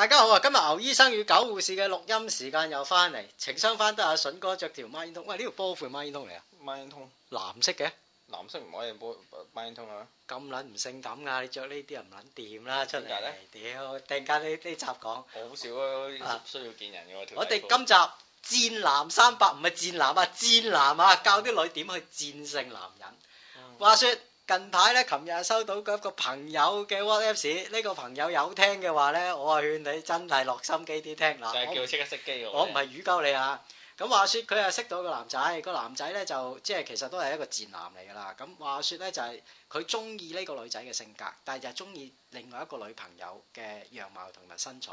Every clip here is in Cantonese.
大家好啊！今日牛醫生與狗護士嘅錄音時間又翻嚟，情商翻得阿筍哥着條孖煙通，喂呢條波褲孖煙通嚟啊？孖煙通，藍色嘅，藍色唔可以波孖煙通啊！咁捻唔性感噶，你着呢啲又唔捻掂啦，出嚟，屌，掟架呢呢集講，好少啊！需要見人嘅我，我哋今集戰男三百唔係戰男啊，戰男啊，教啲女點去戰勝男人，話說。近排咧，琴日收到個朋友嘅 WhatsApp，呢個朋友有聽嘅話咧，我啊勸你真係落心機啲聽。就係叫即刻熄機喎。我唔係語鳩你啊。咁話説佢啊識到個男仔，個男仔咧就即係其實都係一個賤男嚟㗎啦。咁話説咧就係佢中意呢個女仔嘅性格，但係就中意另外一個女朋友嘅樣貌同埋身材。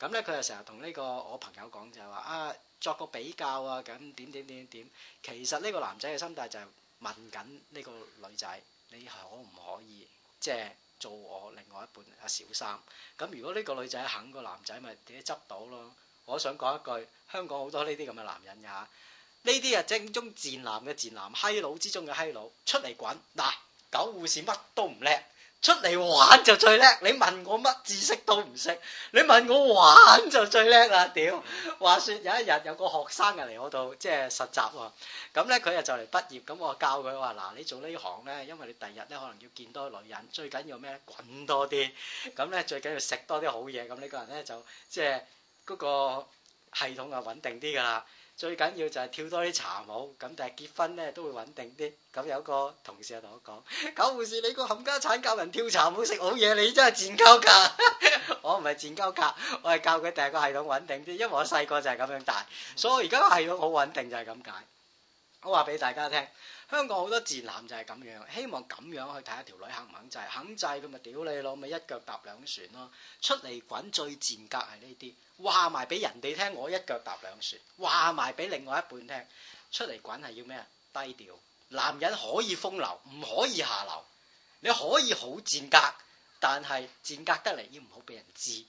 咁咧佢就成日同呢個我朋友講就話啊，作個比較啊，咁點點點點點。其實呢個男仔嘅心態就係問緊呢個女仔。你係可唔可以即係做我另外一半啊小三？咁如果呢個女仔肯，個男仔咪自己執到咯？我想講一句，香港好多呢啲咁嘅男人嘅呢啲啊正宗賤男嘅賤男，閪佬 之中嘅閪佬，出嚟滾嗱，狗護士乜都唔叻。出嚟玩就最叻，你問我乜知識都唔識，你問我玩就最叻啦。屌，話説有一日有個學生嚟我度，即係實習喎。咁咧佢又就嚟畢業，咁我教佢話：嗱，你做呢行咧，因為你第日咧可能要見多女人，最緊要咩咧？滾多啲，咁咧最緊要食多啲好嘢，咁呢個人咧就即係嗰個系統啊穩定啲㗎啦。最緊要就係跳多啲茶舞，咁但係結婚咧都會穩定啲。咁有個同事喺度講，九護 士你個冚家鏟教人跳茶舞食好嘢，你真係賤鳩格！我唔係賤鳩格，我係教佢第二個系統穩定啲，因為我細個就係咁樣大， 所以我而家個系統好穩定就係咁解。我話俾大家聽。香港好多賤男就係咁樣，希望咁樣去睇下條女肯唔肯制，肯制佢咪屌你咯，咪一腳踏兩船咯。出嚟滾最賤格係呢啲話埋俾人哋聽，我一腳踏兩船話埋俾另外一半聽。出嚟滾係要咩啊？低調，男人可以風流，唔可以下流。你可以好賤格，但係賤格得嚟要唔好俾人知。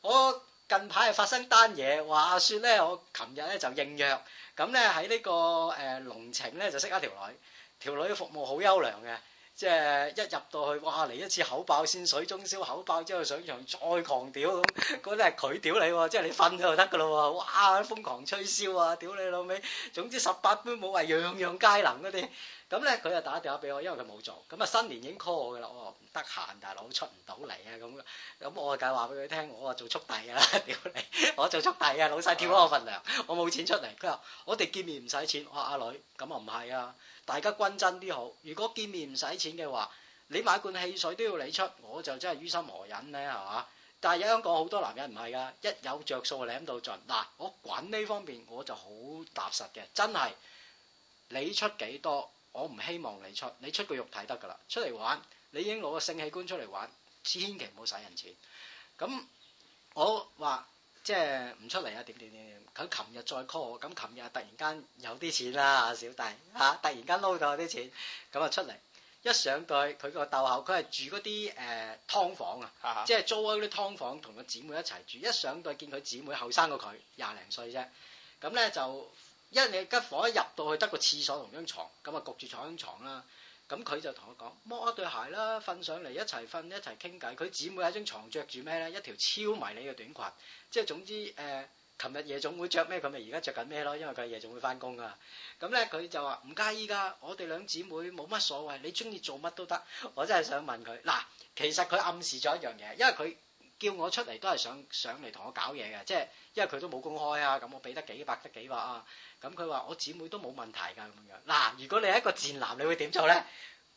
我。近排係發生單嘢，話説咧，我琴日咧就應約，咁咧喺呢個誒龍情咧就識咗條女，條女服務好優良嘅，即係一入到去，哇嚟一次口爆先，水中燒口爆之後上場再狂屌，咁嗰啲係佢屌你喎，即係你瞓咗就得㗎啦喎，哇瘋狂吹簫啊屌你老味！總之十八般武藝樣樣皆能嗰啲。咁咧佢就打電話俾我，因為佢冇做，咁啊新年已經 call 我噶啦，我話唔得閒，大佬出唔到嚟啊咁，咁我啊計話俾佢聽，我啊做速遞啊，屌你！我做速遞啊，老細 跳我份糧，我冇錢出嚟。佢話 我哋見面唔使錢，我話阿女，咁啊唔係啊，大家均真啲好。如果見面唔使錢嘅話，你買罐汽水都要你出，我就真係於心何忍咧，係嘛？但係有香港好多男人唔係噶，一有着數就舐到盡。嗱、啊，我滾呢方面我就好踏實嘅，真係你出幾多？我唔希望你出，你出個肉體得噶啦，出嚟玩，你已經攞個性器官出嚟玩，千祈唔好使人錢。咁我話即係唔出嚟啊？點點點點，佢琴日再 call 我，咁琴日突然間有啲錢啦，小弟嚇、啊，突然間撈到有啲錢，咁啊出嚟，一上到去佢個竇口，佢係住嗰啲誒劏房啊，哈哈即係租嗰啲劏房同個姊妹一齊住，一上到去見佢姊妹後生過佢廿零歲啫，咁咧就。因為你一你吉房一入到去得個廁所同張床，咁啊焗住坐喺張床啦。咁佢就同我講，摸一對鞋啦，瞓上嚟一齊瞓一齊傾偈。佢姊妹喺張床着住咩咧？一條超迷你嘅短裙，即係總之誒，琴日夜總會着咩？佢咪而家着緊咩咯？因為佢係夜總會翻工㗎。咁咧佢就話唔介意噶，我哋兩姊妹冇乜所謂，你中意做乜都得。我真係想問佢嗱，其實佢暗示咗一樣嘢，因為佢。叫我出嚟都係想上嚟同我搞嘢嘅，即係因為佢都冇公開啊，咁我俾得幾百得幾百啊，咁佢話我姊妹都冇問題㗎咁樣。嗱，如果你係一個賤男，你會點做咧？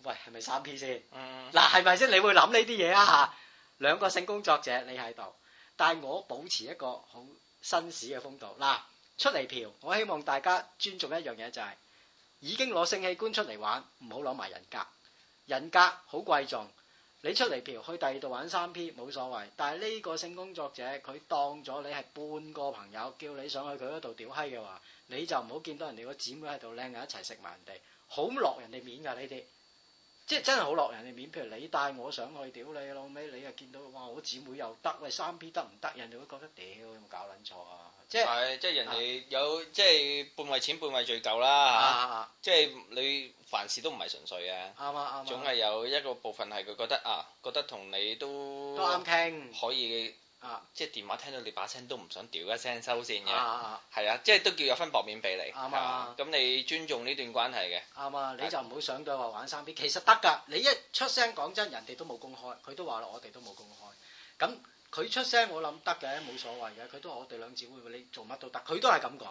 喂，係咪三 P 先？嗱、嗯，係咪先？是是你會諗呢啲嘢啊？嚇，兩個性工作者，你喺度但我保持一個好紳士嘅風度。嗱，出嚟嫖，我希望大家尊重一樣嘢就係、是、已經攞性器官出嚟玩，唔好攞埋人格，人格好貴重。你出嚟嫖，譬如去第二度玩三 P 冇所謂，但係呢個性工作者佢當咗你係半個朋友，叫你上去佢嗰度屌閪嘅話，你就唔好見到人哋個姊妹喺度靚人一齊食埋人哋，好落人哋面㗎呢啲。即係真係好落人哋面，譬如你帶我上去，屌你老尾，你又見到哇，我姊妹又得，喂，三 P 得唔得？人哋會覺得屌，有冇搞撚錯啊！即係即係人哋有、啊、即係半為錢半為罪疚啦嚇，啊、即係你凡事都唔係純粹嘅，啱啊、啱、啊，總係有一個部分係佢覺得啊，覺得同你都都啱傾，可以。啊！即係電話聽到你把聲都唔想屌一聲收線嘅，係啊！啊即係都叫有分薄面俾你，啱啊！咁你尊重呢段關係嘅，啱啊！你就唔好想對我玩三 P，但其實得㗎。你一出聲講真，人哋都冇公開，佢都話咯，我哋都冇公開。咁佢出聲，我諗得嘅冇所謂嘅，佢都話我哋兩姊妹，你做乜都得，佢都係咁講。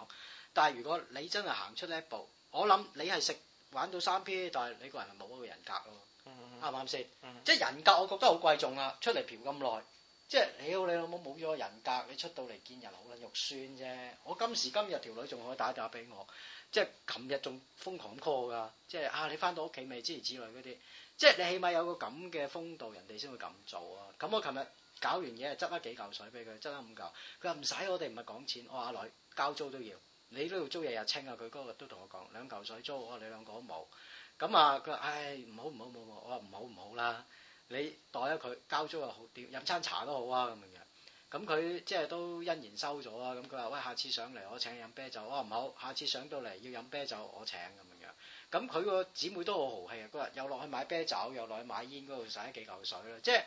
但係如果你真係行出呢一步，我諗你係食玩到三 P，但係你個人係冇嗰個人格咯，啱唔啱先？是是嗯、即係人格，我覺得好貴重啊！出嚟嫖咁耐。即係你，好，你老母冇咗人格，你出到嚟見人好捻肉酸啫！我今時今日條女仲可以打電話俾我，即係琴日仲瘋狂 call 㗎，即係啊！你翻到屋企未之類之類嗰啲，即係你起碼有個咁嘅風度，人哋先會咁做啊！咁我琴日搞完嘢係執咗幾嚿水俾佢，執咗五嚿，佢話唔使，我哋唔係講錢，我阿女交租都要，你都要租日日清啊！佢嗰個日都同我講，兩嚿水租我你兩個都冇，咁啊佢話唉唔好唔好唔好，我話唔好唔好啦。你代咗佢交租又好掂，飲餐茶都好啊咁樣。咁佢即係都欣然收咗啊。咁佢話：喂，下次上嚟我請你飲啤酒。啊。」唔好，下次上到嚟要飲啤酒我請咁樣。咁佢個姊妹都好豪氣啊！佢話又落去買啤酒，又落去買煙，嗰度使咗幾嚿水啦。即係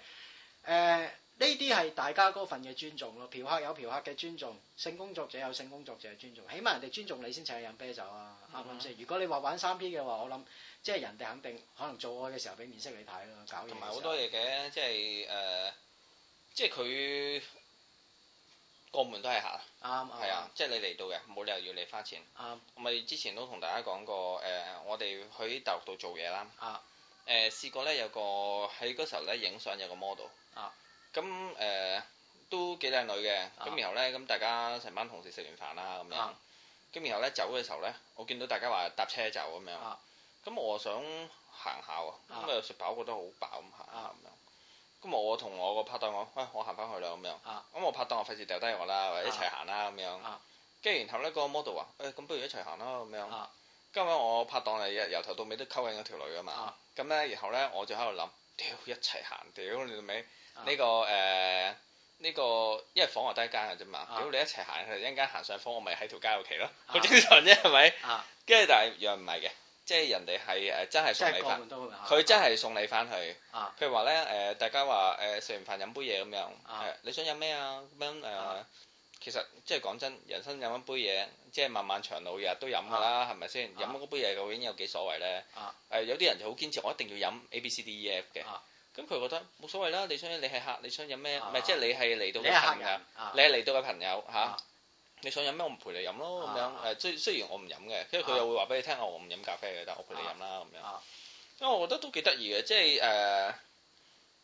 誒。呢啲係大家嗰份嘅尊重咯，嫖客有嫖客嘅尊重，性工作者有性工作者嘅尊重，起碼人哋尊重你先請你飲啤酒啊，啱唔啱先？如果你話玩三 P 嘅話，我諗即係人哋肯定可能做愛嘅時候俾面色你睇咯，搞嘢。同埋好多嘢嘅，即係誒、呃，即係佢過門都係客，啱、嗯，係、嗯、啊，即係、嗯、你嚟到嘅，冇理由要你花錢，啱、嗯。咪之前都同大家講過誒、呃，我哋去大陸度做嘢啦，啊、呃，誒、呃、試過咧有個喺嗰時候咧影相有個 model。咁誒都幾靚女嘅，咁然後咧，咁大家成班同事食完飯啦，咁樣，咁然後咧走嘅時候咧，我見到大家話搭車走咁樣，咁我想行下喎，咁啊食飽覺得好飽咁行下咁樣，咁我同我個拍檔講，餵我行翻去啦咁樣，咁我拍檔我費事掉低我啦，或者一齊行啦咁樣，跟住然後咧個 model 話，誒咁不如一齊行啦咁樣，今日我拍檔係由頭到尾都溝緊嗰條女㗎嘛，咁咧然後咧我就喺度諗。屌一齊行屌你明？呢、啊，這個誒呢、呃這個因為房我得一間嘅啫嘛，屌、啊、你一齊行去一間行上房，我咪喺條街屋企咯，好正常啫係咪？啊，跟住但係又唔係嘅，即係人哋係誒真係送你翻，佢真係送你翻去。啊、譬如話咧誒，大家話誒食完飯飲杯嘢咁樣，誒、啊、你想飲咩啊？咁樣誒。啊啊啊其實即係講真，人生飲一杯嘢，即係漫漫長路日都飲㗎啦，係咪先？飲嗰杯嘢究竟有幾所謂呢？啊！誒有啲人就好堅持，我一定要飲 A B C D E F 嘅。咁佢覺得冇所謂啦，你想你係客，你想飲咩？唔係即係你係嚟到嘅朋友。你係嚟到嘅朋友嚇。你想飲咩？我唔陪你飲咯咁樣。誒雖然我唔飲嘅，跟住佢又會話俾你聽，我唔飲咖啡嘅，但我陪你飲啦咁樣。因為我覺得都幾得意嘅，即係誒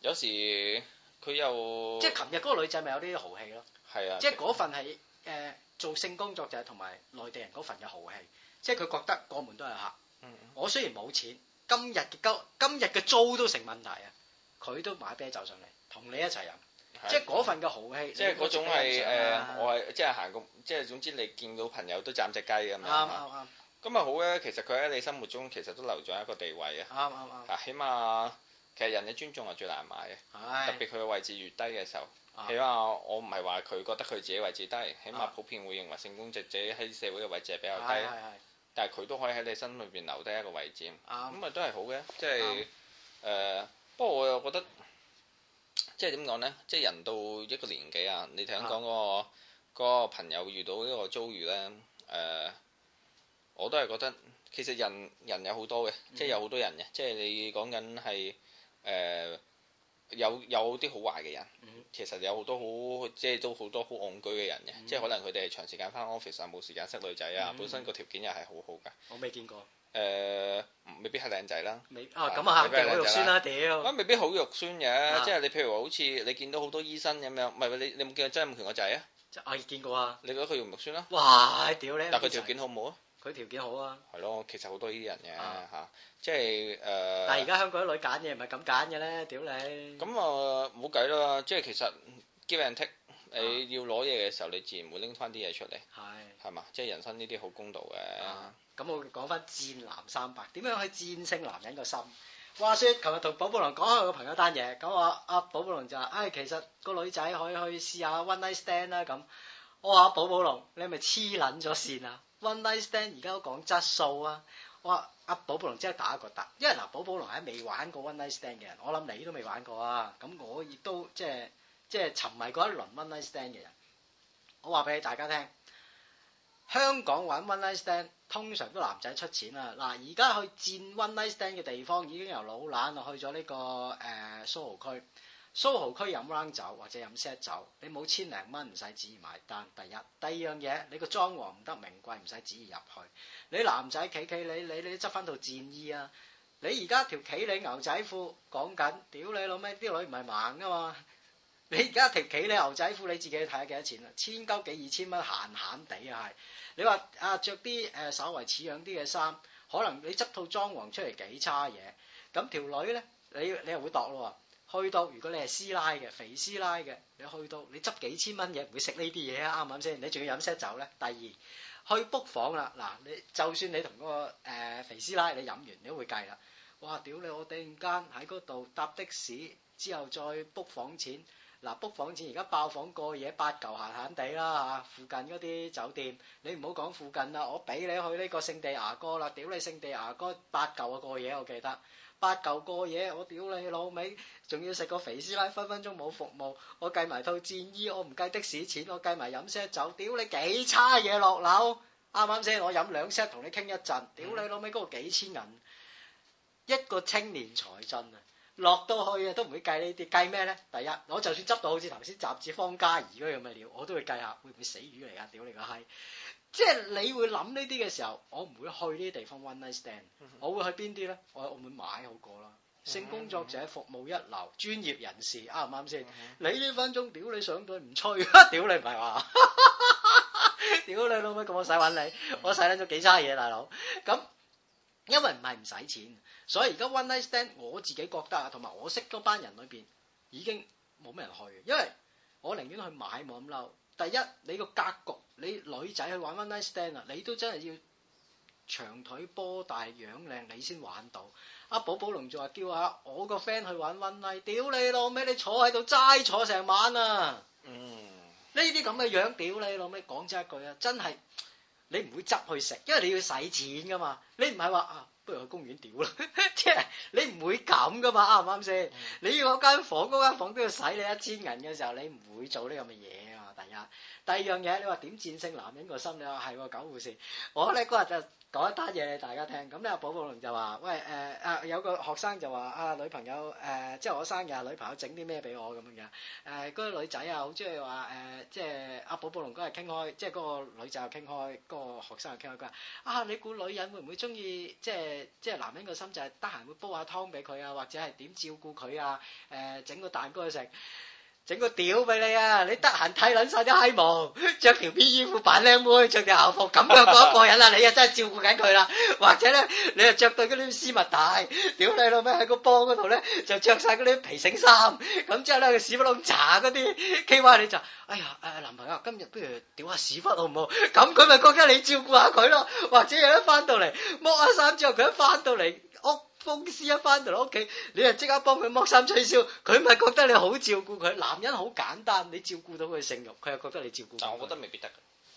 有時。佢又即係琴日嗰個女仔咪有啲豪氣咯是的，係、呃、啊！即係嗰份係誒做性工作就係同埋內地人嗰份嘅豪氣，即係佢覺得過門都係客。嗯，嗯我雖然冇錢，今日嘅今日嘅租都成問題啊！佢都買啤酒上嚟同你一齊飲，是的 即係嗰份嘅豪氣。即係嗰種係誒，我係即係行過，即、就、係、是就是、總之你見到朋友都斬隻雞咁、嗯嗯嗯、樣。啱啱啱。咁咪好咧？其實佢喺你心目中其實都留咗一個地位啊！啱啱啱。嗱，起碼。其實人嘅尊重係最難買嘅，特別佢嘅位置越低嘅時候，起碼我唔係話佢覺得佢自己位置低，起碼普遍會認為性工作者喺社會嘅位置係比較低，但係佢都可以喺你心裏邊留低一個位置，咁啊都係好嘅，即係誒。不過我又覺得，即係點講呢？即係人到一個年紀啊，你頭先講嗰個朋友遇到呢個遭遇呢，誒，我都係覺得其實人人有好多嘅，即係有好多人嘅，即係你講緊係。誒有有啲好壞嘅人，其實有好多好即係都好多好戇居嘅人嘅，即係可能佢哋長時間返 office 啊，冇時間識女仔啊，本身個條件又係好好嘅。我未見過。誒，未必係靚仔啦。咁啊，未必好肉酸啦，屌。未必好肉酸嘅，即係你譬如話好似你見到好多醫生咁樣，唔係你你有冇見到曾蔭權個仔啊？啊，見過啊。你覺得佢唔肉酸啊？哇！屌你。但佢條件好唔好啊？條件好啊，係咯， 其實好多呢啲人嘅嚇、啊 啊啊，即係誒。但係而家香港啲女揀嘢唔係咁揀嘅咧，屌你！咁啊冇計啦，即係其實 give and take，你要攞嘢嘅時候，你自然會拎翻啲嘢出嚟，係係嘛，即係人生呢啲好公道嘅。咁、啊嗯嗯、我講翻戰男三百，點樣去戰勝男人個心？話説，琴日同寶寶龍講下個朋友單嘢，咁話阿寶寶龍就話：，唉、哎，其實個女仔可以去試下 one night stand 啦、啊。咁，我話寶寶龍，你係咪黐撚咗線啊！ One Night Stand 而家都講質素啊！我話阿寶寶龍即係打一個突，因為嗱，寶寶龍係未玩過 One Night Stand 嘅人，我諗你都未玩過啊！咁我亦都即係即係沉迷過一輪 One Night Stand 嘅人，我話俾你大家聽，香港玩 One Night Stand 通常都男仔出錢啊。嗱，而家去戰 One Night Stand 嘅地方已經由老蘭去咗呢個誒蘇豪區。蘇豪區飲 round 酒或者飲 set 酒，你冇千零蚊唔使旨意埋單。第一，第二樣嘢，你個裝潢唔得名貴，唔使旨意入去。你男仔企企你，你你執翻套戰衣啊！你而家條企理牛仔褲講緊，屌你老味，啲女唔係盲噶嘛！你而家條企理牛仔褲，你自己睇下幾多錢啊？千九幾二千蚊，閒閒地啊。係。你話啊，著啲誒稍微似樣啲嘅衫，可能你執套裝潢出嚟幾差嘢。咁條女咧，你你又會度咯。去到如果你係師奶嘅肥師奶嘅，你去到你執幾千蚊嘢，唔會食呢啲嘢啊啱唔啱先？你仲要飲些酒咧。第二去 book 房啦，嗱你就算你同、嗰個誒、呃、肥師奶，你飲完你都會計啦。哇！屌你我突然間喺嗰度搭的士之後再 book 房錢，嗱 book 房錢而家爆房過夜八嚿閒閒地啦嚇，附近嗰啲酒店你唔好講附近啦，我俾你去呢個聖地牙哥啦，屌你聖地牙哥八嚿啊過夜我記得。八嚿過嘢，我屌你老味，仲要食個肥師奶，分分鐘冇服務。我計埋套戰衣，我唔計的士錢，我計埋飲 set 酒。屌你幾差嘢落樓，啱啱先？我飲兩 set 同你傾一陣，屌你老味嗰個幾千銀，一個青年才俊啊，落到去啊都唔會計呢啲，計咩咧？第一，我就算執到好似頭先雜誌方嘉怡嗰樣嘅料，我都會計下，會唔會死魚嚟噶？屌你個閪！即係你會諗呢啲嘅時候，我唔會去呢啲地方。One night stand，我會去邊啲咧？我喺澳門買好過啦。性工作者服務一流，專業人士啱唔啱先？對對 你呢分鐘，屌你上台唔吹，屌你唔係話？ 屌你老味，咁我使揾你，我使捻咗幾差嘢，大佬。咁因為唔係唔使錢，所以而家 one night stand，我自己覺得啊，同埋我識嗰班人裏邊已經冇咩人去，嘅，因為我寧願去買，冇咁嬲。第一，你個格局，你女仔去玩 one night stand 啊，你都真係要長腿、波大、樣靚，你先玩到。阿寶寶龍就話叫啊，我個 friend 去玩 one night，屌你老味，你坐喺度齋坐成晚啊！嗯，呢啲咁嘅樣，屌你老味，講真一句啊，真係你唔會執去食，因為你要使錢噶嘛。你唔係話啊，不如去公園屌啦，即 係你唔會咁噶嘛，啱唔啱先？你要有間房，嗰間房都要使你一千銀嘅時候，你唔會做呢咁嘅嘢。第一，第二樣嘢，你話點戰勝男人個心？你話係喎，狗護士，我咧嗰日就講一單嘢俾大家聽。咁、嗯、咧，寶寶龍就話：，喂，誒，啊，有個學生就話啊，女朋友，誒、呃，即係我生日，女朋友整啲咩俾我咁樣嘅。誒、呃，嗰、那、啲、個、女仔、呃、啊，好中意話誒，即係阿寶寶龍嗰日傾開，即係嗰個女仔又傾開，嗰、那個學生又傾開，佢話：啊，你估女人會唔會中意，即係即係男人個心就係得閒會煲下湯俾佢啊，或者係點照顧佢啊，誒、呃，整個蛋糕去食？整個屌俾你啊！你得閒剃撚晒啲嗨毛，着條 B 衣褲扮靚妹，着條校服咁樣過一過癮啊？你啊真係照顧緊佢啦！或者咧，你又着對嗰啲絲襪帶，屌你老味喺個波嗰度咧就着晒嗰啲皮繩衫，咁之後咧屎忽窿查嗰啲 KY，你就，哎呀誒、哎、男朋友今日不如屌下屎忽好唔好？咁佢咪覺得你照顧下佢咯？或者有一翻到嚟剝下衫之後佢一翻到嚟屋。風師一翻到嚟屋企，你又即刻幫佢剝衫吹簫，佢咪覺得你好照顧佢？男人好簡單，你照顧到佢性慾，佢又覺得你照顧到佢。啊，我覺得未必得。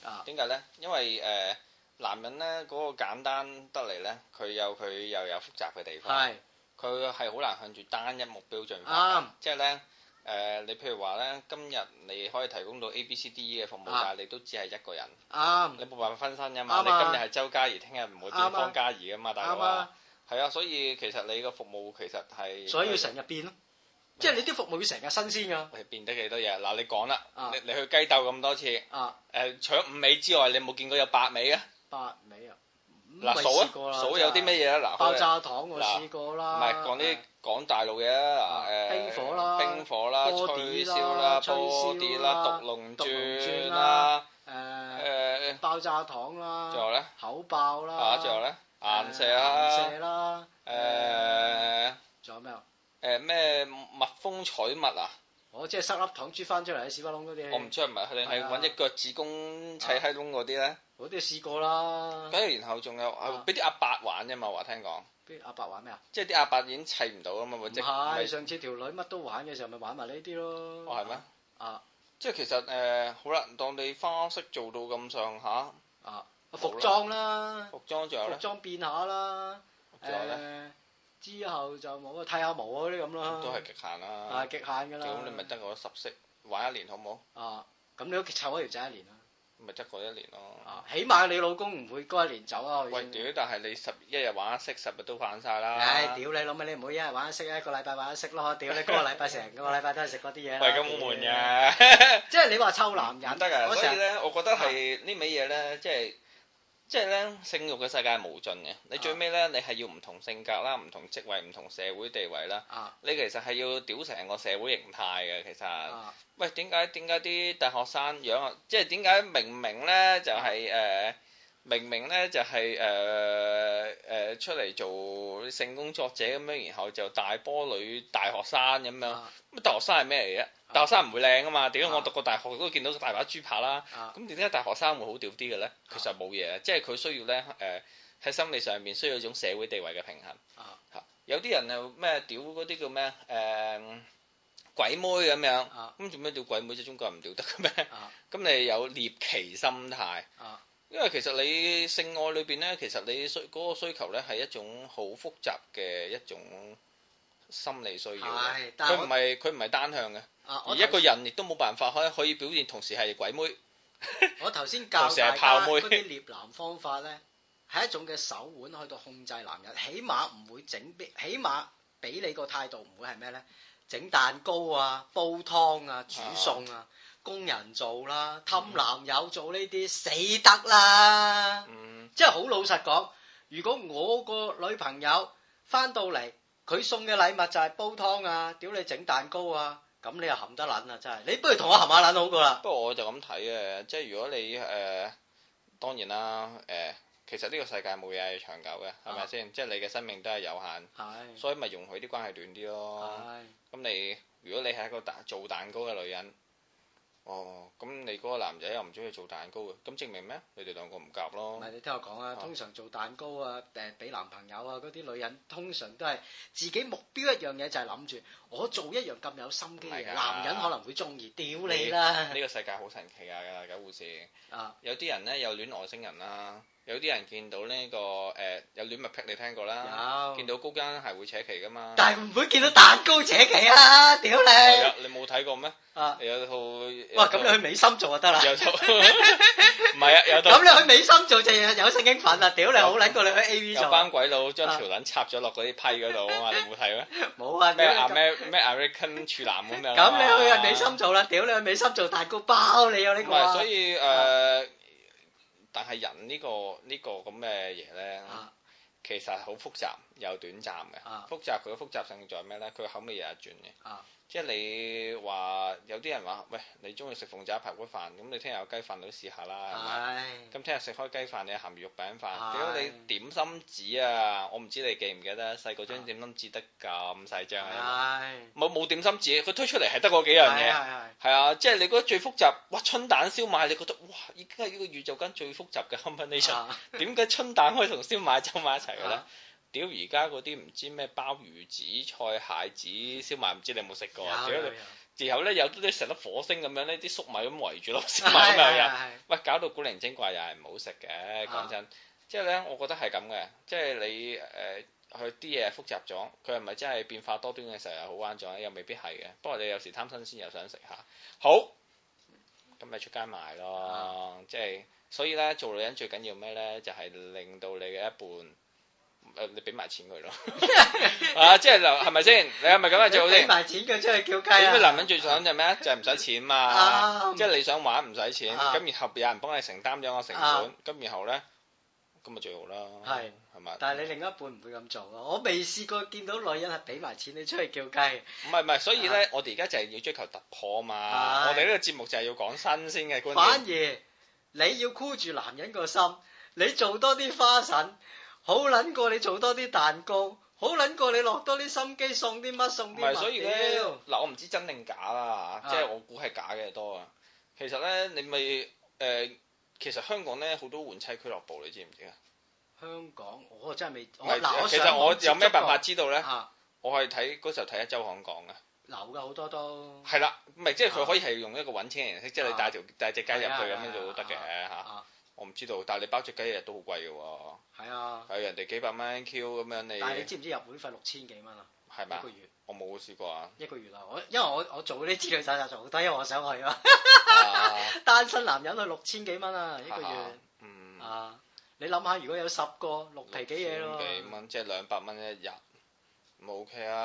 啊，點解咧？因為誒男人咧嗰個簡單得嚟咧，佢有佢又有複雜嘅地方。係，佢係好難向住單一目標進發。啱，即係咧誒，你譬如話咧，今日你可以提供到 A、B、C、D、E 嘅服務，但係你都只係一個人。啱，你冇辦法分身噶嘛？你今日係周嘉怡，聽日唔會變方嘉怡噶嘛？大佬。係啊，所以其實你個服務其實係，所以要成日變咯，即係你啲服務要成日新鮮噶。變得幾多嘢？嗱，你講啦，你你去雞竇咁多次，誒，除咗五味之外，你冇見過有八味啊？八味啊，嗱，數啊，數有啲乜嘢啊？嗱，爆炸糖我試過啦，唔係講啲講大陸嘅，啊，誒，冰火啦，波點啦，波點啦，毒龍鑽啦，誒，爆炸糖啦，仲有咧？口爆啦，啊，仲有咧？岩蛇啦，誒，仲有咩啊？誒咩蜜蜂採蜜啊？哦，即係塞粒糖珠翻出嚟嘅屎窟窿嗰啲。我唔知係咪，定係揾隻腳趾公砌喺窿嗰啲咧？嗰啲試過啦。跟住然後仲有啊，俾啲阿伯玩啫嘛，話聽講。俾阿伯玩咩啊？即係啲阿伯已經砌唔到啊嘛，每隻。唔係，上次條女乜都玩嘅時候，咪玩埋呢啲咯。哦，係咩？啊，即係其實誒，好啦，當你花式做到咁上下。啊。服裝啦，服裝仲有咧，服裝變下啦，誒，之後就冇啊，剃下毛嗰啲咁咯，都係極限啦，係極限噶啦，咁你咪得嗰十色玩一年好唔好？啊，咁你都湊嗰條仔一年啦，咪得嗰一年咯，起碼你老公唔會嗰一年走啊。喂屌！但係你十一日玩一色，十日都玩晒，啦，唉屌你老味！你唔好一日玩一色，一個禮拜玩一色咯，屌你嗰個禮拜成個禮拜都係食嗰啲嘢，喂，咁悶嘅，即係你話湊男人得啊？所以咧，我覺得係呢味嘢咧，即係。即係咧，性慾嘅世界無盡嘅、啊，你最尾咧，你係要唔同性格啦，唔、啊、同職位，唔同社會地位啦，啊、你其實係要屌成個社會形態嘅，其實、啊、喂，點解點解啲大學生樣啊？即係點解明明咧？就係、是、誒。啊呃明明咧就係誒誒出嚟做性工作者咁樣，然後就大波女大學生咁樣。咁大學生係咩嚟嘅？大學生唔會靚㗎嘛？點解我讀過大學都見到大把豬扒啦？咁點解大學生會好屌啲嘅咧？其實冇嘢，即係佢需要咧，誒喺心理上面需要一種社會地位嘅平衡。嚇、啊，有啲人又咩屌嗰啲叫咩啊、呃？鬼妹咁樣，咁做咩叫鬼妹啫？中國人唔屌得嘅咩？咁你有獵奇心態。 因為其實你性愛裏邊咧，其實你需嗰個需求咧係一種好複雜嘅一種心理需要，佢唔係佢唔係單向嘅，啊、而一個人亦都冇辦法可可以表現同時係鬼妹。我頭先教大家嗰啲獵男方法咧，係 一種嘅手腕去到控制男人， 起碼唔會整，起碼俾你個態度唔會係咩咧，整蛋糕啊、煲湯啊、煮餸啊。啊工人做啦，氹男友做呢啲死得啦！嗯，即係好老實講，如果我個女朋友翻到嚟，佢送嘅禮物就係煲湯啊，屌你整蛋糕啊，咁你又冚得撚啊！真係，你不如同我冚下撚好過啦。不過我就咁睇啊，即係如果你誒，當然啦，誒，其實呢個世界冇嘢係長久嘅，係咪先？即係你嘅生命都係有限，係，所以咪容許啲關係短啲咯。係，咁你如果你係一個做蛋糕嘅女人。哦，咁你嗰個男仔又唔中意做蛋糕嘅，咁證明咩？你哋兩個唔夾咯。唔係你聽我講啊，通常做蛋糕啊，誒俾男朋友啊嗰啲女人，通常都係自己目標一樣嘢，就係諗住我做一樣咁有心機嘅男人可能會中意，屌你啦！呢個世界好神奇啊，狗護士。啊。有啲人咧有戀外星人啦，啊。有啲人見到呢個誒有戀物癖你聽過啦，見到高踭鞋會扯旗噶嘛，但係唔會見到蛋糕扯旗啊！屌你！你冇睇過咩？啊！有套哇，咁你去美心做就得啦，唔係啊有套。咁你去美心做就係有性興奮啦！屌你，好撚過你去 AV 做。有班鬼佬將條撚插咗落嗰啲批嗰度啊嘛，你冇睇咩？冇啊！咩阿咩咩 American 處男咁樣。咁你去美心做啦！屌你去美心做蛋糕包你啊呢個。唔係所以誒。但係人、這個這個、這呢個呢個咁嘅嘢咧，啊、其實好複雜又短暫嘅。啊、複雜佢嘅複雜性在咩咧？佢口味又日轉嘅。啊即係你話有啲人話喂，你中意食鳳爪排骨飯，咁你聽日有雞飯你都試下啦。咁聽日食開雞飯，你鹹魚肉餅飯點解你點心紙啊？我唔知你記唔記得細個張點心紙得咁細張。唔係冇點心紙，佢推出嚟係得個幾樣嘢。係啊，即係你覺得最複雜，哇，春蛋燒賣，你覺得哇已經係呢個宇宙間最複雜嘅 combination。點解春蛋可以同燒賣走埋一齊嘅咧？屌而家嗰啲唔知咩鮑魚紫菜蟹子燒賣，唔知你有冇食過啊？然後咧有啲食得火星咁樣呢，啲粟米咁圍住落燒賣咁，喂搞到古靈精怪又係唔好食嘅。講、啊、真，即係咧，我覺得係咁嘅，即係你誒，佢啲嘢複雜咗，佢係咪真係變化多端嘅時候又好玩咗？又未必係嘅。不過你有時貪新鮮又想食下，好咁咪出街賣咯。啊、即係所以咧，做女人最緊要咩咧？就係、是、令到你嘅一半。誒、啊就是，你俾埋錢佢咯，啊，即係流，係咪先？你係咪咁啊？做先俾埋錢佢出去叫雞。咁啊，男人最想就係咩啊？就係唔使錢嘛。啊、即係你想玩唔使錢，咁、啊、然後有人幫你承擔咗個成本，咁、啊、然後咧，咁咪最好啦。係，係嘛？但係你另一半唔會咁做咯，我未試過見到女人係俾埋錢你出去叫雞。唔係唔係，啊、所以咧，我哋而家就係要追求突破嘛。啊、我哋呢個節目就係要講新鮮嘅觀點。反而你要箍住男人個心，你做多啲花神。好捻過你多做多啲蛋糕，好捻過你落多啲心機送啲乜送啲乜。唔係，所以咧，嗱我唔知真定假啦，啊、即係我估係假嘅多啊。其實咧，你咪誒、呃，其實香港咧好多換妻俱樂部，你知唔知不啊？香港我真係未。其實我有咩辦法知道咧？啊、我係睇嗰時候睇阿周行講嘅。流嘅好多都。係啦，唔係即係佢可以係用一個揾錢嘅形式，即係、啊、你帶條帶隻雞入去咁樣就得嘅吓。啊啊啊啊啊啊我唔知道，但係你包隻雞一日都好貴嘅喎。係啊。係人哋幾百蚊 Q 咁樣你。但係你知唔知入會費六千幾蚊啊？係咪吧？一個月。我冇試過啊。一個月啊，我因為我我做嗰啲資料搜集做得，因為我想去啊。 啊單身男人去六千幾蚊啊，啊一個月。啊、嗯。啊！你諗下，如果有十個六皮幾嘢咯。六千幾蚊即係兩百蚊一日。冇 OK 啊！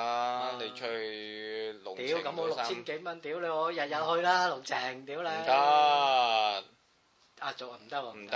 啊你出去六程都屌咁我六千幾蚊，屌你我日日，日去啦，六程屌你。得。阿做唔得喎，唔得。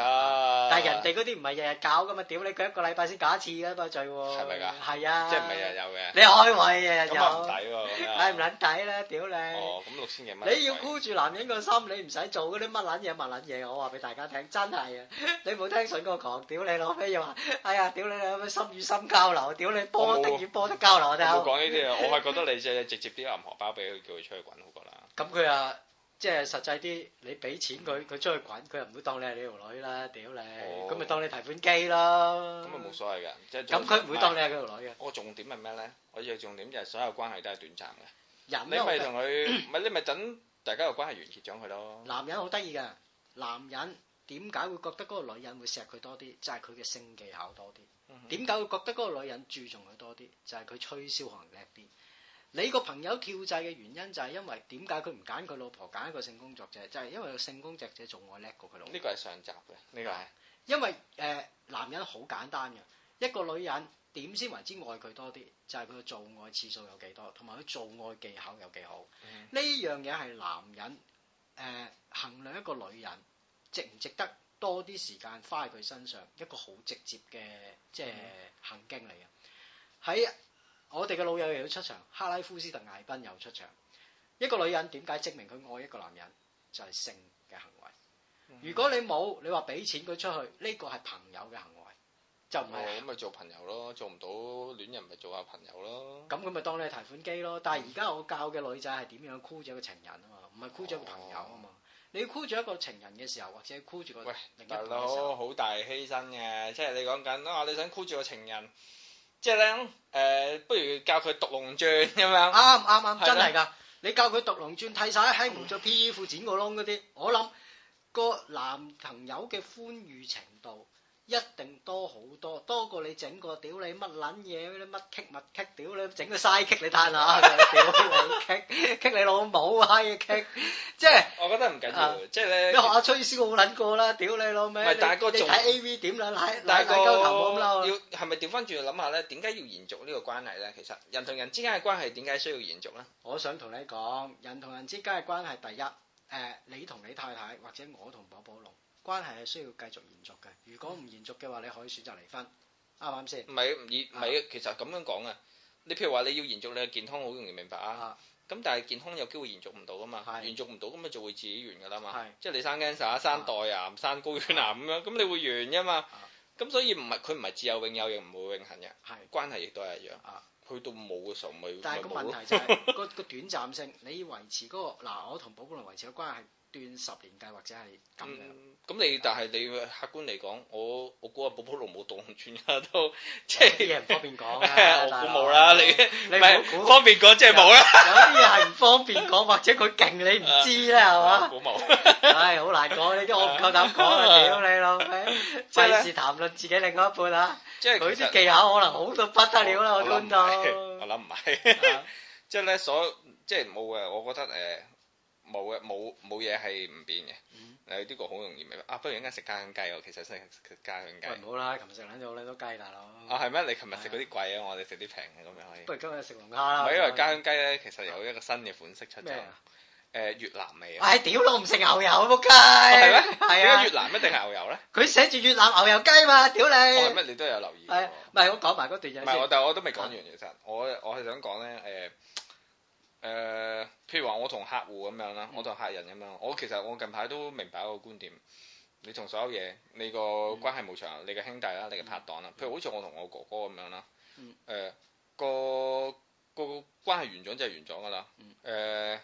但係人哋嗰啲唔係日日搞噶嘛，屌你佢一個禮拜先搞一次嘅咩聚，係咪噶？係啊，即係唔係日日有嘅。你開胃嘅日日有，咁啊唔抵喎，係唔捻抵咧？屌你！哦，咁六千幾蚊，你要箍住男人個心，你唔使做嗰啲乜捻嘢，乜捻嘢嘅。我話俾大家聽，真係，你冇聽信哥狂，屌你，落屘又話，哎呀，屌你，有咩心與心交流，屌你，波的與波的交流，我冇講呢啲啊，我係覺得你只係直接啲銀荷包俾佢，叫佢出去滾好過啦。咁佢啊？即係實際啲，你俾錢佢，佢出去滾，佢又唔會當你係你條女啦，屌你、哦！咁咪當你提款機咯。咁咪冇所謂㗎，即係。咁佢唔會當你係佢條女嘅。我重點係咩咧？我嘅重點就係所有關係都係短暫嘅。人呢你咪同佢，唔係 你咪等大家個關係完結咗佢咯男。男人好得意嘅，男人點解會覺得嗰個女人會錫佢多啲？就係佢嘅性技巧多啲。點解、嗯、哼會覺得嗰個女人注重佢多啲？就係佢吹銷行叻啲。你個朋友跳掣嘅原因就係因為點解佢唔揀佢老婆揀一個性工作者？就係、是、因為個性工作者做愛叻過佢老婆。呢個係上集嘅，呢個係因為誒、呃、男人好簡單嘅，一個女人點先為之愛佢多啲？就係、是、佢做愛次數有幾多，同埋佢做愛技巧有幾好。呢樣嘢係男人誒、呃、衡量一個女人值唔值得多啲時間花喺佢身上一個好直接嘅即係、嗯、行徑嚟嘅。喺我哋嘅老友又要出場，克拉夫斯特艾賓又出場。一個女人點解證明佢愛一個男人？就係、是、性嘅行為。嗯、如果你冇，你話俾錢佢出去，呢、這個係朋友嘅行為，就唔係。哦，咁咪做朋友咯，做唔到戀人咪做下朋友咯。咁佢咪當你提款機咯。但係而家我教嘅女仔係點樣箍住一個情人啊？嘛，唔係箍住一個朋友啊？嘛，哦、你箍住一個情人嘅時候，或者箍住個喂另一個大佬好大犧牲嘅。即係你講緊啊，你想箍住個情人。.即係咧，誒，不如教佢《獨龍傳》咁樣，啱啱啱，真係噶。你教佢《獨龍轉》剃晒喺唔著 P E 褲剪個窿嗰啲，我諗個男朋友嘅寬裕程度一定多好多，多過你整個屌你乜撚嘢嗰啲乜 k 乜 k，屌你整到晒 k 你攤下，屌你 k k 你老母，嗨 k，即係。我覺得唔緊要，即係咧。你學下吹簫好撚過啦，屌你老味。唔係大哥，你睇 A V 點啦，拉拉拉鳩頭冇咁撈。咪調翻轉去諗下咧，點解要延續呢個關係咧？其實人同人之間嘅關係點解需要延續咧？我想同你講，人同人之間嘅關係第一，誒、呃、你同你太太或者我同寶寶龍關係係需要繼續延續嘅。如果唔延續嘅話，你可以選擇離婚，啱唔啱先？唔係唔延，唔係其實咁樣講啊。你譬如話你要延續你嘅健康，好容易明白啊。咁但係健康有機會延續唔到噶嘛？是延續唔到咁咪就會自己完噶啦嘛。是即係你生癌症、啊、生代癌、啊、啊、生高血壓咁樣，咁、啊、你會完噶嘛？啊。咁、嗯、所以唔係，佢唔係自有永有亦唔會永恒嘅，係的關係亦都係一樣，啊，去到冇嘅時候唔，但係個問題就係個個短暫性，你維持嗰、那個嗱、啊，我同寶寶龍維持個關係。端十年計，或者係咁嘅。咁你但係你客觀嚟講，我我估啊，寶寶龍冇蕩穿啊，都即係唔方便講，我估冇啦。你唔係方便講，即係冇啦。有啲嘢係唔方便講，或者佢勁你唔知咧，係嘛？我估冇，唉，好難講，呢啲我唔夠膽講啊，屌你老味，費事談論自己另外一半啊！即係佢啲技巧可能好到不得了啦，觀眾。我諗唔係，即係咧所即係冇嘅，我覺得誒。冇嘅，冇冇嘢係唔變嘅。呢個好容易變。啊，不如陣間食家鄉雞喎，其實真係家鄉雞。唔好啦，琴日食撚咗好多雞大佬。啊，係咩？你琴日食嗰啲貴啊，我哋食啲平嘅咁咪可以。不如今日食龍蝦啦。唔係因為家鄉雞咧，其實有一個新嘅款式出咗。咩啊？誒，越南味啊！哎屌你，唔食牛油嘅雞。係咩？係啊。點解越南一定係牛油咧？佢寫住越南牛油雞嘛，屌你！我係乜你都有留意。係，唔係我講埋嗰段嘢先。唔係，但係我都未講完，其實我我係想講咧誒。誒、呃，譬如話我同客戶咁樣啦，嗯、我同客人咁樣，我其實我近排都明白一個觀點，你同所有嘢，你個關係無常、嗯，你嘅兄弟啦，你嘅拍檔啦，嗯、譬如好似我同我哥哥咁樣啦，誒、嗯呃、個個關係完咗就係完咗噶啦，誒、嗯呃、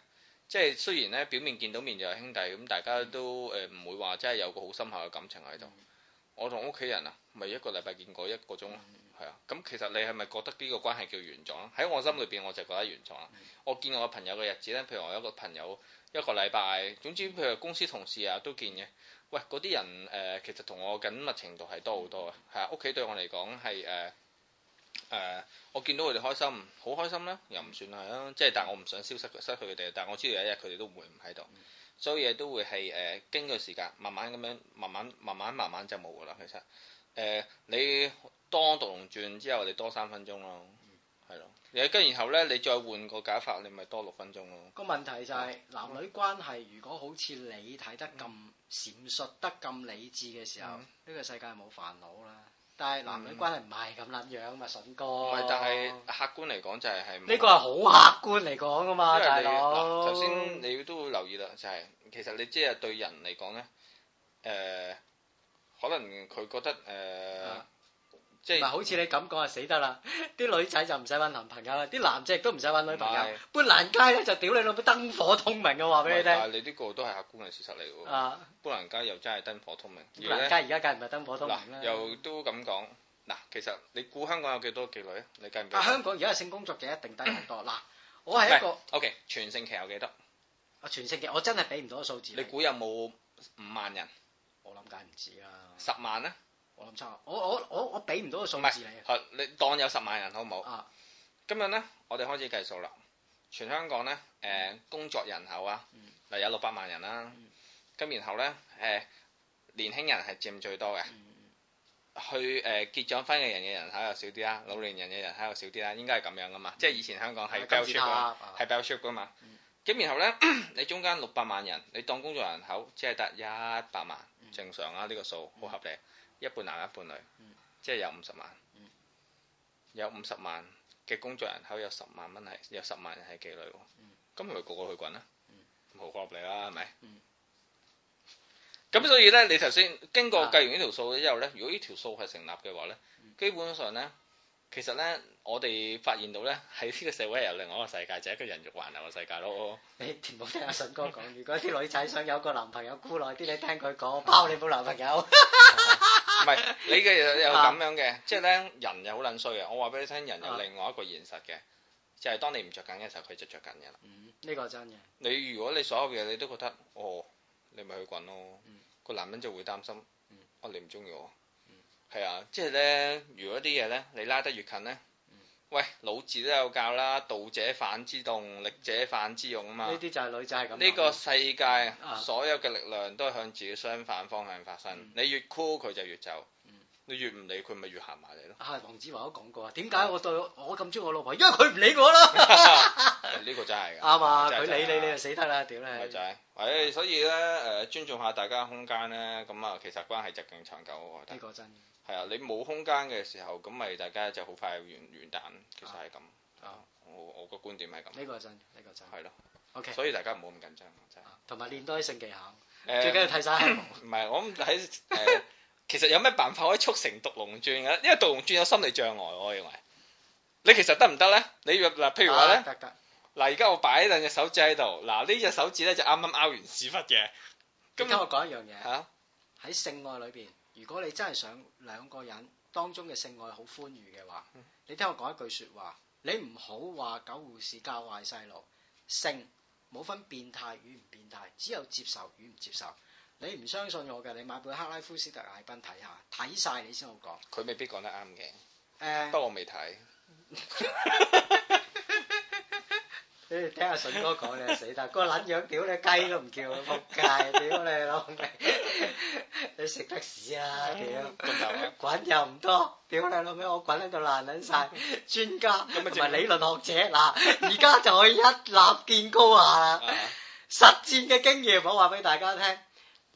即係雖然咧表面見到面就係兄弟，咁大家都誒唔、嗯呃、會話真係有個好深厚嘅感情喺度，嗯嗯、我同屋企人啊，咪一個禮拜見過一個鐘啊。係啊，咁其實你係咪覺得呢個關係叫原狀？喺我心裏邊我就係覺得原狀啦。嗯、我見我朋友嘅日子咧，譬如我一個朋友一個禮拜，總之譬如公司同事啊都見嘅。喂，嗰啲人誒、呃，其實同我緊密程度係多好多嘅。係啊，屋企對我嚟講係誒誒，我見到佢哋開心，好開心啦，又唔算係啦。即係、嗯就是、但係我唔想消失失去佢哋，但係我知道有一日佢哋都會唔喺度，嗯、所以嘢都會係誒、呃、經過時間，慢慢咁樣，慢慢慢慢慢慢，慢慢就冇噶啦，其實。誒、呃，你多《奪龍傳》之後，你多三分鐘咯，係、嗯、咯，然後跟然後呢，你再換個假髮，你咪多六分鐘咯。個問題就係、是、男女關係，如果好似你睇得咁閃爍得咁理智嘅時候，呢、嗯、個世界冇煩惱啦。但係男女關係唔係咁撚樣啊嘛，筍、嗯、哥。唔係，但係客觀嚟講就係係。呢個係好客觀嚟講㗎嘛，大佬。首先哥、啊、你都會留意啦，就係、是、其實你即係、就是、對人嚟講呢。誒、呃。呃可能佢覺得誒，即係，嗱，好似你咁講啊，死得啦！啲女仔就唔使揾男朋友啦，啲男仔亦都唔使揾女朋友。砵蘭街咧就屌你老母燈火通明嘅話俾你聽。但係你呢個都係客觀嘅事實嚟嘅喎。啊！砵蘭街又真係燈火通明。砵蘭街而家梗係唔係燈火通明？又都咁講，嗱，其實你估香港有幾多妓女啊？你計唔計？啊！香港而家性工作者一定低好多。嗱，我係一個。O K. 全盛期有幾多？啊，全盛期，我真係俾唔到個數字。你估有冇五萬人？我諗梗唔止啊，十萬咧？我諗差，我我我我俾唔到個數字。唔係，你當有十萬人好唔好？啊！今日呢，我哋開始計數啦。全香港呢，誒、呃、工作人口啊，嗱、嗯、有六百萬人啦、啊。咁、嗯、然後呢，誒、呃、年輕人係佔最多嘅。嗯、去誒、呃、結咗婚嘅人嘅人口又少啲啦、啊，老年人嘅人口又少啲啦、啊，應該係咁樣噶嘛？嗯、即係以前香港係 bell shape，係 bell shape 噶嘛？咁、嗯、然後呢，你中間六百萬人，你當工作人口即係得一百萬。正常啊，呢、這個數好合理，嗯、一半男一半女，嗯、即係有五十萬，嗯、有五十萬嘅工作人口有，有十萬蚊係有十萬人係妓女喎，咁咪個個去滾啦，好合理啦，係咪？咁所以呢，嗯、你頭先經過計完呢條數之後呢，如果呢條數係成立嘅話呢，基本上呢。其實呢，我哋發現到呢，喺呢個社會係有另外一個世界，就係一,一個人肉環流嘅世界咯。你全部聽阿順哥講， 如果啲女仔想有個男朋友，孤耐啲，你聽佢講，包你冇男朋友。唔係、 哦，你嘅又又咁樣嘅，即、就、係、是、呢，人又好捻衰嘅。我話俾你聽，人有另外一個現實嘅，嗯、就係當你唔着緊嘅時候，佢就着緊嘅喇。嗯，呢、這個真嘅。你如果你所有嘅嘢你都覺得哦，你咪去滾咯，個、嗯、男人就會擔心，哦，你唔中意我。係啊，即係咧，如果啲嘢咧，你拉得越近咧，喂，老子都有教啦，道者反之動，力者反之用啊嘛。呢啲就係女仔係咁。呢個世界，啊、所有嘅力量都係向自己相反方向發生。你越箍佢，就越走。你越唔理佢，咪越行埋嚟咯。啊，黃子華都講過啊，點解我對我咁中意我老婆，因為佢唔理我咯。呢個真係㗎。啱啊，佢理你你就死得啦，屌你。就係，所以咧誒，尊重下大家空間咧，咁啊，其實關係就更長久。我覺得。呢個真。係啊，你冇空間嘅時候，咁咪大家就好快完完蛋，其實係咁。啊，我我個觀點係咁。呢個真，呢個真。係咯。OK。所以大家唔好咁緊張。同埋練多啲性技巧，最緊要睇晒。唔係，我咁睇其實有咩辦法可以促成毒龍轉嘅？因為毒龍轉有心理障礙，啊，我認為你其實得唔得咧？你若嗱，譬如話咧嗱，而家、啊、我擺兩隻手指喺度，嗱呢隻手指咧就啱啱拗完屎忽嘅。咁，聽我講一樣嘢，喺性愛裏邊，如果你真係想兩個人當中嘅性愛好歡愉嘅話，你聽我講一句說話，你唔好話狗護士教壞細路，性冇分變態與唔變態，只有接受與唔接受。你唔相信我嘅，你買本克拉夫斯特艾賓睇下，睇晒你先好講。佢未必講得啱嘅。誒，不過我未睇。你哋聽阿順哥講你就死得，個撚樣屌你雞都唔叫，仆街屌你老味，你食得屎啊屌！滾又滾又唔多，屌你老味，我滾喺度爛撚晒，專家唔係理論學者嗱，而家就可以一立見高下啦，實戰嘅經驗，我話俾大家聽。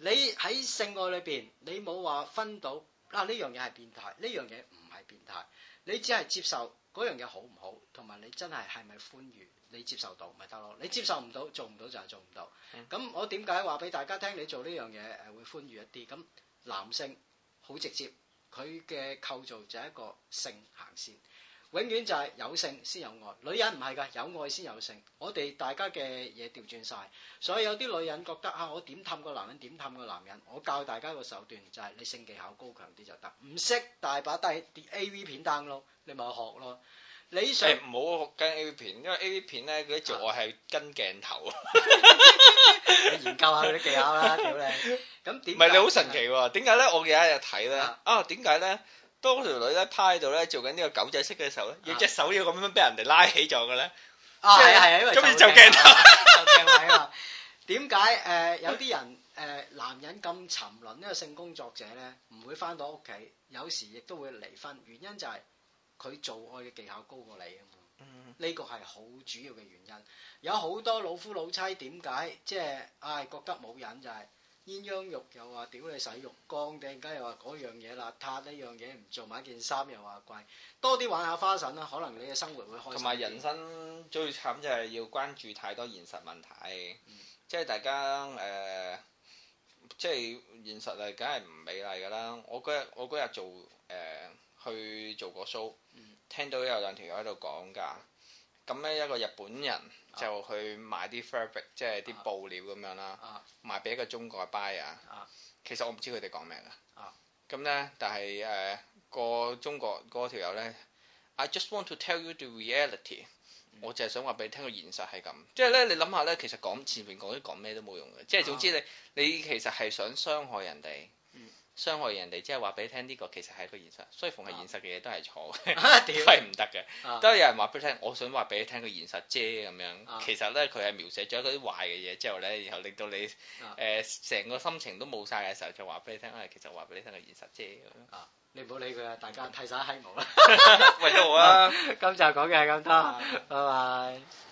你喺性愛裏邊，你冇話分到，嗱，呢樣嘢係變態，呢樣嘢唔係變態，你只係接受嗰樣嘢好唔好，同埋你真係係咪歡愉，你接受到咪得咯？你接受唔到，到，做唔到就係做唔到。咁我點解話俾大家聽你做呢樣嘢誒會歡愉一啲？咁男性好直接，佢嘅構造就係一個性行線。永遠就係有性先有愛，女人唔係噶，有愛先有性。我哋大家嘅嘢調轉晒，所以有啲女人覺得吓，我點氹個男人？點氹個男人？我教大家個手段就係你性技巧高強啲就得，唔識大把低 A V 片 download，你咪學咯。你唔好學跟 A V 片，因為 A V 片咧嗰啲做愛係跟鏡頭。你研究下嗰啲技巧啦，屌你！咁點？唔係你好神奇喎？點解咧？我日日睇咧，啊點解咧？當條女咧趴喺度咧做緊呢個狗仔式嘅時候咧，要隻手要咁樣俾人哋拉起咗嘅咧，啊係啊係啊，因為做鏡頭，鏡頭啊嘛。點解誒有啲人誒男人咁沉淪呢個性工作者咧，唔會翻到屋企，有時亦都會離婚，原因就係佢做愛嘅技巧高過你啊嘛。嗯。呢個係好主要嘅原因。有好多老夫老妻點解即係唉覺得冇癮就係。鴛鴦浴又話屌你洗浴缸定，而家又話嗰樣嘢邋遢，呢樣嘢唔做，買件衫又話貴，多啲玩下花神啦，可能你嘅生活會開心啲。同埋人生最慘就係要關注太多現實問題，嗯、即係大家誒、呃，即係現實啊，梗係唔美麗噶啦。我嗰日我嗰日做誒、呃、去做個 show，聽到有兩條友喺度講噶，咁咧一個日本人，就去買啲 fabric，即係啲布料咁樣啦，賣俾一個中國嘅 buyer。其實我唔知佢哋講咩㗎。咁咧，但係誒個中國嗰條友咧，I just want to tell you the reality。我淨係想話俾你聽，個現實係咁。即係咧，你諗下咧，其實講前面講啲講咩都冇用嘅。即係總之你你其實係想傷害人哋。傷害人哋，即係話俾你聽，呢個其實係一個現實，所以逢係現實嘅嘢都係錯嘅，啊啊啊、都係唔得嘅。當有人話俾你聽，我想話俾你聽、個現實啫咁樣。其實咧，佢係描寫咗嗰啲壞嘅嘢之後咧，然後令到你誒，成、啊呃、個心情都冇晒嘅時候，就話俾你聽，誒、啊，其實話俾你聽、個現實啫。啊，你唔好理佢啊，大家睇晒閪毛啦，為咗 我了 啊，今集講嘅係咁多，拜拜。